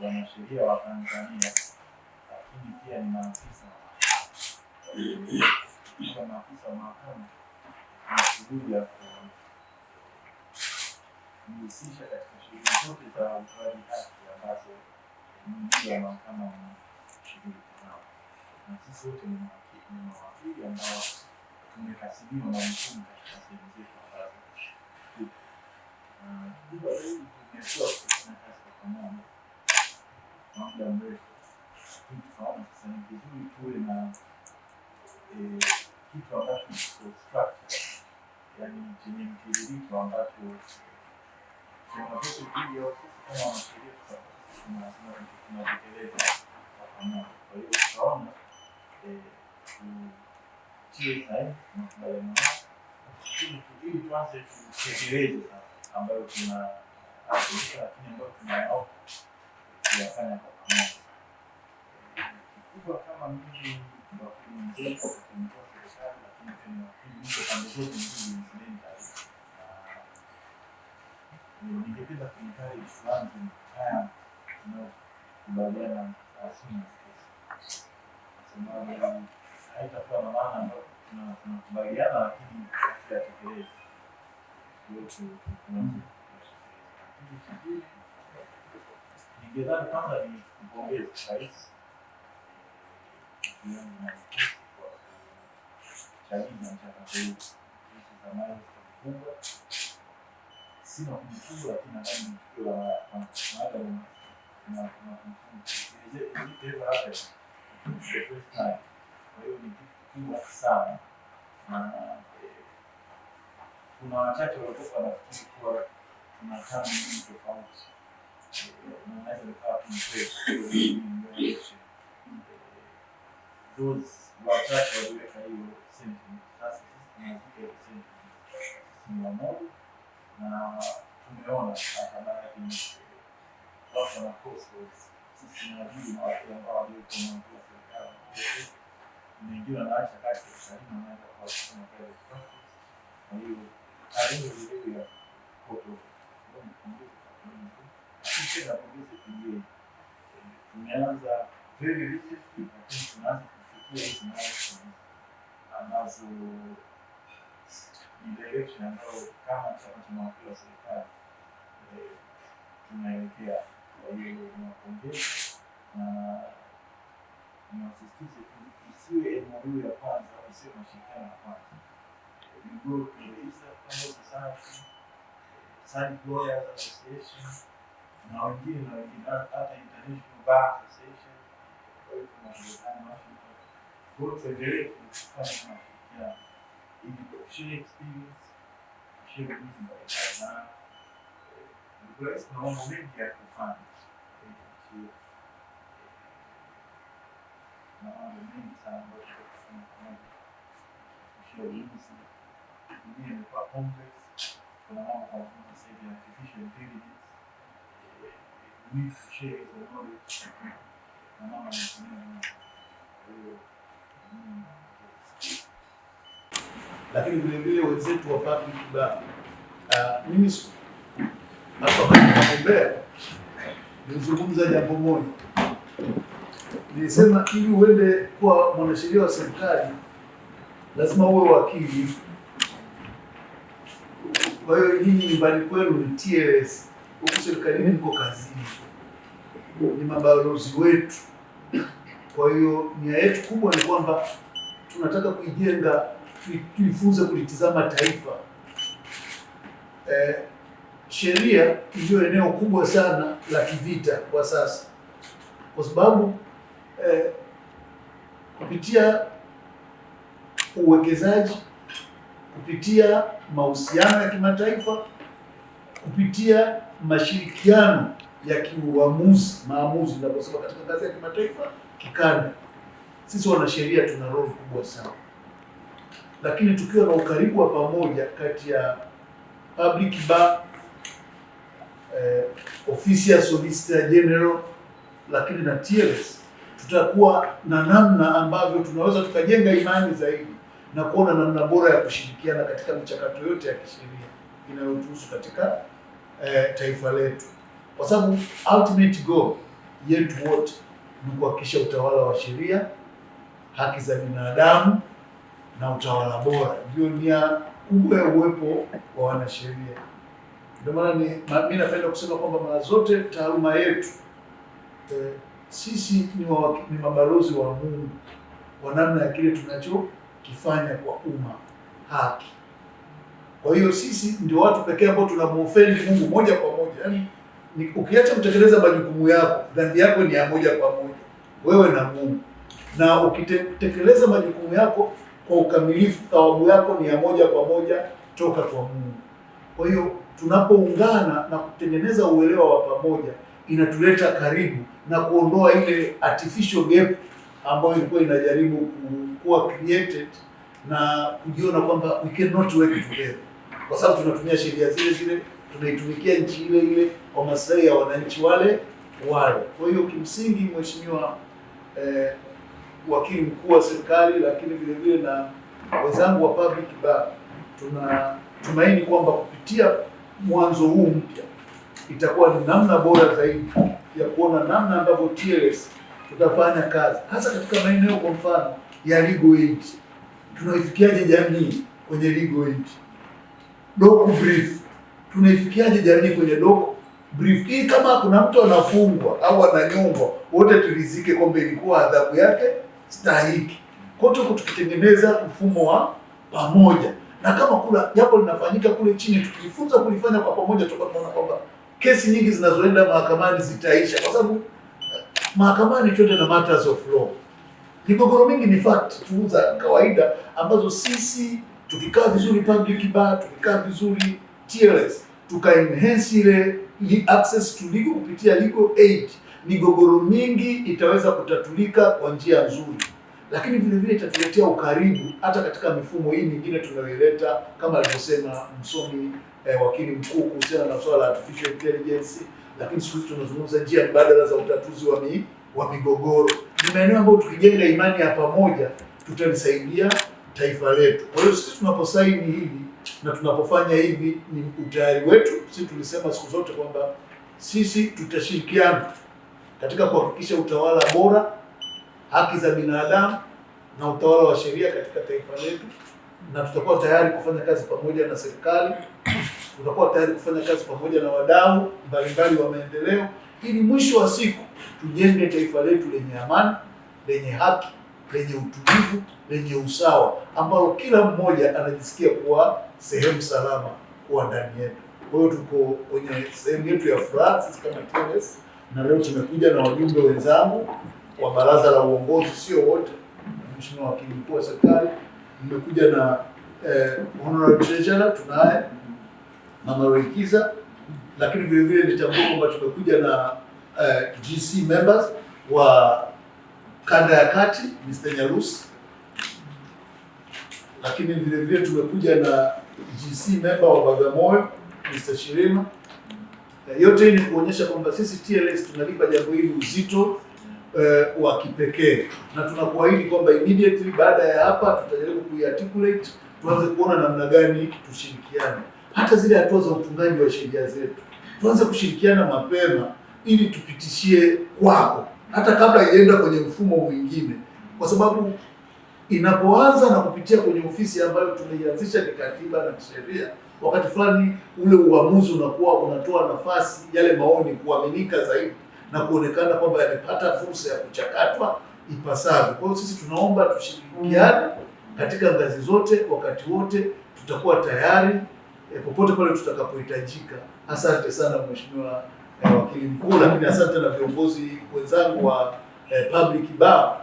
wanasheria wa Tanzania, lakini pia ni maafisa maafisa wa mahakama na shughuli ya kujihusisha katika shughuli zote za utoaji haki ambazo mji wa mahakama wanashughulika nao, na sisi wote ni mawakili ambao tumekasimiwa na mfumo katika sehemu zetu ambazo tumekuwa tukifanya kazi kwa pamoja kwa muda mrefu kitu tofauti sana, vizuri tuwe na kitu ambacho yani chenye mtiririko ambacho changamoto kama wanasheria tunatekeleza kwa pamoja. Kwa hiyo tutaona tutie sahihi makubaliano ili tuanze tutekeleze sasa ambayo tuna lakini ambayo tunayaona kuyafanya kwa pamoja. Kikubwa kama mji wa kuongeza kumtoa serikali, lakini tena mtu pande zote mbili ni taarifa. Ah, ningependa kuikari tuanze haya tunakubaliana rasmi sababu haitakuwa na maana ambapo tunakubaliana, lakini hatuyatekelezi yote. Kitu kingine Nadhani kama ni kumpongeza Rais na mchakato sina kumshukuru, lakini nadhani ni kitu kikubwa sana, kuna wachache walikuwa wanafikiri kuwa tuna tofauti wachache waliweka hiyo sentence. Sasa mia moja na tumeona abaaaaaaa tumeanza very lakini tunaanza kufikia hizi milestones ambazo ni direction ambayo kama chama cha mawakili wa serikali eh, tunaelekea. Kwa hiyo niwapongeze na niwasisitize tu isiwe MOU ya kwanza au isiwe mashirikiano ya kwanza, you go to the East African Association na wengine hata international bar association. Kwa hiyo tunaonekana Washington, kwa hiyo tuendelee kufanya mashirikiano ili kushare experience, kushare ujuzi mbalimbali, na Bucharest kuna mambo mengi ya kufanya na mambo mengi sana ambayo tunafanya pamoja, kushare ujuzi. Ingine imekuwa complex, kuna mambo kwa mfano sasa hivi artificial intelligence Lakini vile vile wenzetu wapate kibali. Ah, Mimi nizungumza jambo moja, nilisema ili uende kuwa mwanasheria wa serikali lazima uwe wakili. Kwa hiyo nyinyi nyumbani kwenu ni TLS huku serikalini mko kazini, ni mabalozi wetu. Kwa hiyo nia yetu kubwa ni kwamba tunataka kuijenga, tuifunze kulitizama taifa. e, sheria ndio eneo kubwa sana la kivita kwa sasa, kwa sababu e, kupitia uwekezaji, kupitia mahusiano ya kimataifa kupitia mashirikiano ya kiuamuzi maamuzi, naposema katika ngazi ya kimataifa, kikanda, sisi wanasheria tuna role kubwa sana, lakini tukiwa na ukaribu wa pamoja kati ya public bar eh, ofisi ya solicitor general, lakini na TLS, tutakuwa na namna ambavyo tunaweza tukajenga imani zaidi na kuona namna bora ya kushirikiana katika michakato yote ya kisheria inayotuhusu katika eh, taifa letu, kwa sababu ultimate goal yetu wote ni kuhakikisha utawala wa sheria, haki za binadamu na utawala bora, ndio nia kubwa ya uwepo wa wanasheria. Ndio maana mimi napenda kusema kwamba mara zote taaluma yetu eh, sisi ni, wa, ni mabalozi wa Mungu kwa namna ya kile tunachokifanya kwa umma, haki kwa hiyo sisi ndio watu pekee ambao tunamwofendi Mungu moja kwa moja. Yaani ukiacha kutekeleza majukumu yako, dhambi yako ni ya moja kwa moja wewe na Mungu, na ukitekeleza majukumu yako kwa ukamilifu, thawabu yako ni ya moja kwa moja toka kwa Mungu. Kwa hiyo tunapoungana na kutengeneza uelewa wa pamoja, inatuleta karibu na kuondoa ile artificial gap ambayo ilikuwa inajaribu kuwa created na kujiona kwamba we cannot work together kwa sababu tunatumia sheria zile zile, tunaitumikia nchi ile ile kwa maslahi ya wananchi wale wale. Kwa hiyo kimsingi, mheshimiwa eh, wakili mkuu wa serikali, lakini vile vile na wenzangu wa public bar, tunatumaini kwamba kupitia mwanzo huu mpya itakuwa ni namna bora zaidi ya kuona namna ambavyo TLS tutafanya kazi hasa katika maeneo kwa mfano ya legal aid. Tunaifikiaje jamii kwenye legal aid? doku brief. Tunaifikiaje jamii kwenye doku brief hii? Kama kuna mtu anafungwa au ananyongwa, wote tulizike kwamba ilikuwa adhabu yake stahiki. Kwa hiyo tukitengeneza mfumo wa pamoja, na kama kuna jambo linafanyika kule chini, tukijifunza kulifanya kwa pamoja, tutakuwa tunaona kwamba kesi nyingi zinazoenda mahakamani zitaisha, kwa sababu eh, mahakamani chote na matters of law. Migogoro mingi ni fact tu za kawaida ambazo sisi tukikaa vizuri public bar, tukikaa vizuri TLS, tuka enhance ile access to legal kupitia legal aid, migogoro mingi itaweza kutatulika kwa njia nzuri, lakini vile vile itatuletea ukaribu hata katika mifumo hii mingine tunayoileta, kama alivyosema msomi eh, wakili mkuu kuhusiana na swala la artificial intelligence. Lakini siku hizi tunazungumza njia mbadala za utatuzi wa, mi, wa migogoro. Ni maeneo ambayo tukijenga imani ya pamoja tutalisaidia taifa letu. Kwa hiyo sisi tunaposaini hivi na tunapofanya hivi ni utayari wetu. Sisi tulisema siku zote kwamba sisi tutashirikiana katika kuhakikisha utawala bora, haki za binadamu na utawala wa sheria katika taifa letu, na tutakuwa tayari kufanya kazi pamoja na serikali, tutakuwa tayari kufanya kazi pamoja na wadau mbalimbali wa maendeleo, ili mwisho wa siku tujenge taifa letu lenye amani, lenye haki lenye utulivu, lenye usawa, ambalo kila mmoja anajisikia kuwa sehemu salama kuwa ndani yetu. Kwa hiyo tuko kwenye sehemu yetu ya furaha sisi kama TLS, na leo tumekuja na wajumbe wenzangu wa baraza la uongozi, sio wote, Mheshimiwa Wakili Mkuu wa Serikali, mmekuja na eh, honorary Treasurer tunaye Mama Rekiza, lakini vile vile nitambua kwamba tumekuja na eh, GC members wa kanda ya kati Mr. Nyarusi, lakini vile vile tumekuja na GC member wa Bagamoyo Mr. Shirima. Eh, yote hii ni kuonyesha kwamba sisi TLS tunalipa jambo hili uzito uh, wa kipekee na tunakuahidi kwamba immediately baada ya hapa tutajaribu kuiarticulate, tuanze kuona namna gani tushirikiane, hata zile hatua za utungaji wa sheria zetu tuanze kushirikiana mapema, ili tupitishie kwako hata kabla ienda kwenye mfumo mwingine, kwa sababu inapoanza na kupitia kwenye ofisi ambayo tumeianzisha kikatiba na kisheria, wakati fulani ule uamuzi unakuwa unatoa nafasi yale maoni kuaminika zaidi na kuonekana kwamba yamepata fursa ya kuchakatwa ipasavyo. Kwa hiyo sisi tunaomba tushirikiane katika ngazi zote, wakati wote, tutakuwa tayari eh, popote pale tutakapohitajika. Asante sana mheshimiwa eh, wakili mkuu, lakini asante na viongozi wenzangu wa eh, public bar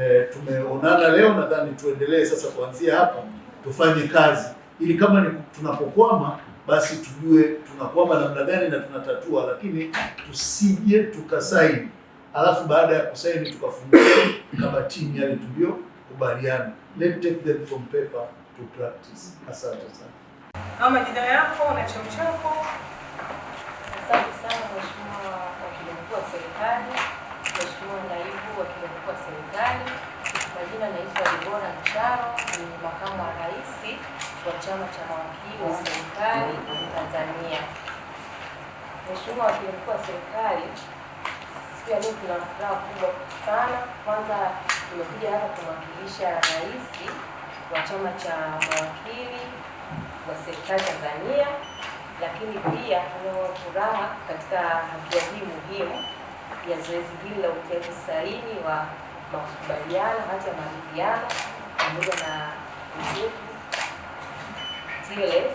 eh, tumeonana leo, nadhani tuendelee sasa kuanzia hapa tufanye kazi ili kama ni tunapokwama basi tujue tunakwama namna gani na tunatatua, lakini tusije tukasaini alafu baada ya kusaini tukafungua kama timu yale kubaliana. Let take them from paper to practice. Asante sana. Majina yako na cheo chako mbalimbali. Mheshimiwa Naibu Wakili Mkuu wa Serikali, jina naitwa Debora Ncharo, ni makamu wa rais wa Chama cha Mawakili wa Serikali Tanzania. Mheshimiwa Wakili Mkuu wa Serikali, siku ya leo tuna furaha kubwa sana. Kwanza tumekuja hapa kumwakilisha rais wa Chama cha Mawakili wa Serikali Tanzania, lakini pia tunao furaha katika hatua hii muhimu ya zoezi hili la utiaji saini wa makubaliano, hati ya maridhiano pamoja na TLS.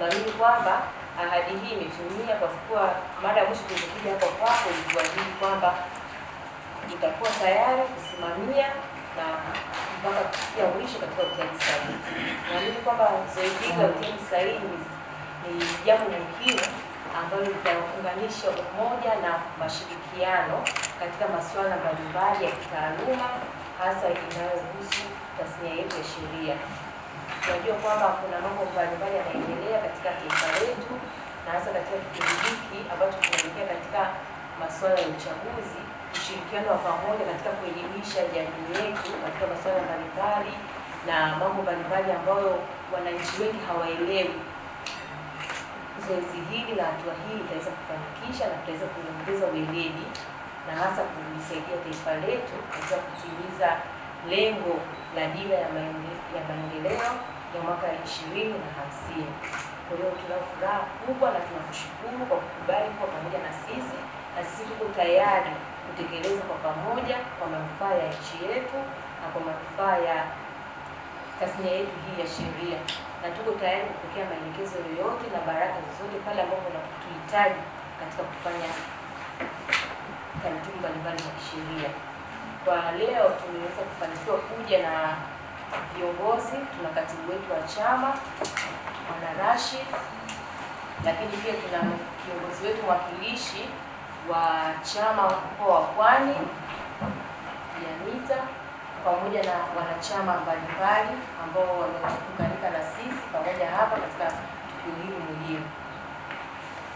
Naamini kwamba ahadi hii imetumia, kwa kuwa mara ya mwisho tulipokuja hapo kwako ulituahidi kwamba itakuwa tayari kusimamia na mpaka kufikia mwisho katika utiaji saini. Naamini kwamba zoezi hili la utiaji saini ni jambo muhimu ambayo inaunganisha umoja na mashirikiano katika masuala mbalimbali ya kitaaluma hasa inayohusu tasnia yetu ya sheria. Tunajua kwamba kuna mambo mbalimbali yanaendelea katika taifa letu na hasa katika kipindi hiki ambacho tunaelekea katika masuala ya uchaguzi, ushirikiano wa pamoja katika kuelimisha jamii yetu katika masuala mbalimbali na mambo mbalimbali ambayo wananchi wengi hawaelewi zoezi hili na hatua hii itaweza kufanikisha na tutaweza kuongeza weledi na hasa kulisaidia taifa letu katika kutimiza lengo la dira ya maendeleo ya mwaka ishirini na hamsini. Kwa hiyo tuna furaha kubwa na tunakushukuru kwa kukubali kuwa pamoja na sisi, na sisi tuko tayari kutekeleza kwa pamoja kwa manufaa ya nchi yetu na kwa manufaa ya tasnia yetu hii ya sheria na tuko tayari kupokea maelekezo yoyote na baraka zozote pale ambapo unatuhitaji katika kufanya taratibu mbalimbali za kisheria. Kwa leo tumeweza kufanikiwa kuja na viongozi, tuna katibu wetu wa chama Bwana Rashid, lakini pia tuna kiongozi wetu mwakilishi wa chama mkoa wa Pwani Janita, pamoja na wanachama mbalimbali ambao wamekubalika na sisi pamoja hapa katika tukio hili muhimu.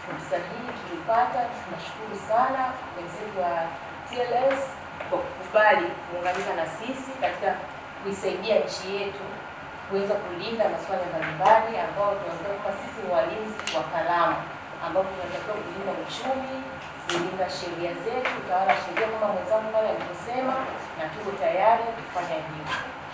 Fursa hii tulipata, tunashukuru sana wenzetu wa TLS kwa kukubali kuunganika na sisi katika kuisaidia nchi yetu kuweza kulinda masuala mbalimbali ambao tunatakiwa kwa sisi ni walinzi wa kalamu, ambapo tunatakiwa kulinda uchumi, kulinda sheria zetu, utawala sheria, kama mwenzangu pale alivyosema, na tuko tayari kufanya hivyo.